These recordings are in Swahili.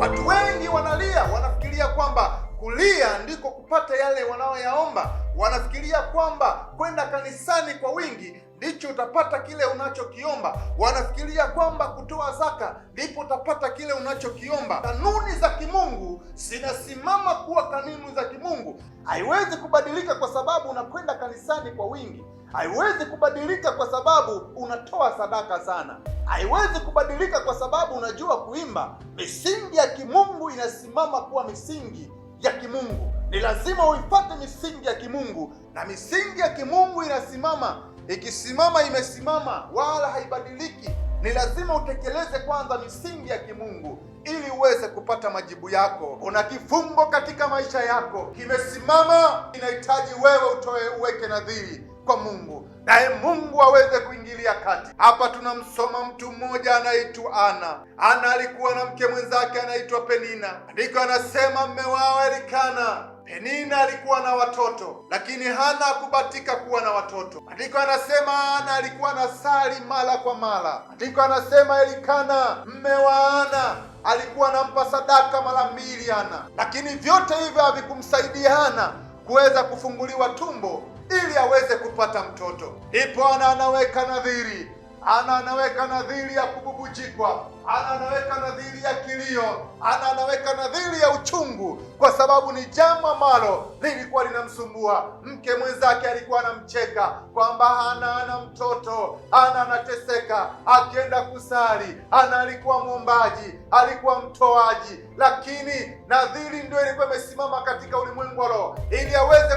Watu wengi wanalia, wanafikiria kwamba kulia ndiko kupata yale wanaoyaomba. Wanafikiria kwamba kwenda kanisani kwa wingi ndicho utapata kile unachokiomba. Wanafikiria kwamba kutoa zaka ndipo utapata kile unachokiomba. Kanuni za kimungu zinasimama kuwa kanuni za kimungu, haiwezi kubadilika kwa sababu unakwenda kanisani kwa wingi. Haiwezi kubadilika kwa sababu unatoa sadaka sana. Haiwezi kubadilika kwa sababu unajua kuimba. Misingi ya kimungu inasimama kuwa misingi ya kimungu. Ni lazima uipate misingi ya kimungu, na misingi ya kimungu inasimama. Ikisimama imesimama, wala haibadiliki. Ni lazima utekeleze kwanza misingi ya kimungu ili uweze kupata majibu yako. Kuna kifungo katika maisha yako kimesimama, inahitaji wewe utoe, uweke nadhiri kwa Mungu naye Mungu aweze kuingilia kati. Hapa tunamsoma mtu mmoja anaitwa Ana. Ana alikuwa na mke mwenzake anaitwa Penina. Andiko anasema mme wao Elikana Penina alikuwa na watoto lakini hana akubatika kuwa na watoto. Andiko anasema Ana alikuwa na sali mara kwa mara. Andiko anasema Elikana mme wa Ana alikuwa anampa sadaka mara mbili Hana, lakini vyote hivyo havikumsaidia Hana kuweza kufunguliwa tumbo ili aweze kupata mtoto. Ndipo Hana anaweka nadhiri ana anaweka nadhiri ya kububujikwa, ana anaweka nadhiri ya kilio, ana anaweka nadhiri ya uchungu, kwa sababu ni jambo ambalo lilikuwa linamsumbua. Mke mwenzake alikuwa anamcheka kwamba ana ana mtoto, ana anateseka, akienda kusali, ana alikuwa mwombaji, alikuwa mtoaji, lakini nadhiri ndio ilikuwa imesimama katika ulimwengu wa roho ili aweze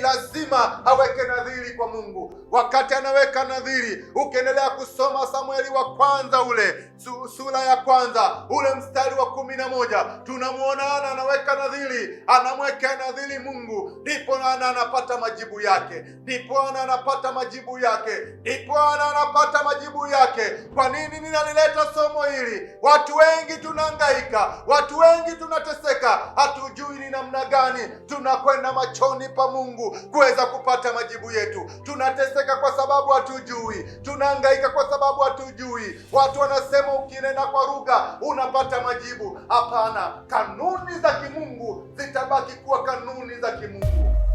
lazima aweke nadhiri kwa Mungu. Wakati anaweka nadhiri, ukiendelea kusoma Samueli wa kwanza ule sura ya kwanza ule mstari wa kumi na moja tunamwona Ana anaweka nadhiri, anamweka nadhiri Mungu, ndipo Ana anapata majibu yake, ndipo Ana anapata majibu yake, ndipo Ana anapata majibu yake. Kwa nini ninalileta somo hili? Watu wengi tunahangaika, watu wengi tunateseka, hatujui ni namna gani tunakwenda machoni pa Mungu kuweza kupata majibu yetu. Tunateseka kwa sababu hatujui, tunahangaika kwa sababu hatujui. Watu wanasema kama ukinena kwa lugha unapata majibu. Hapana, kanuni za kimungu zitabaki kuwa kanuni za kimungu.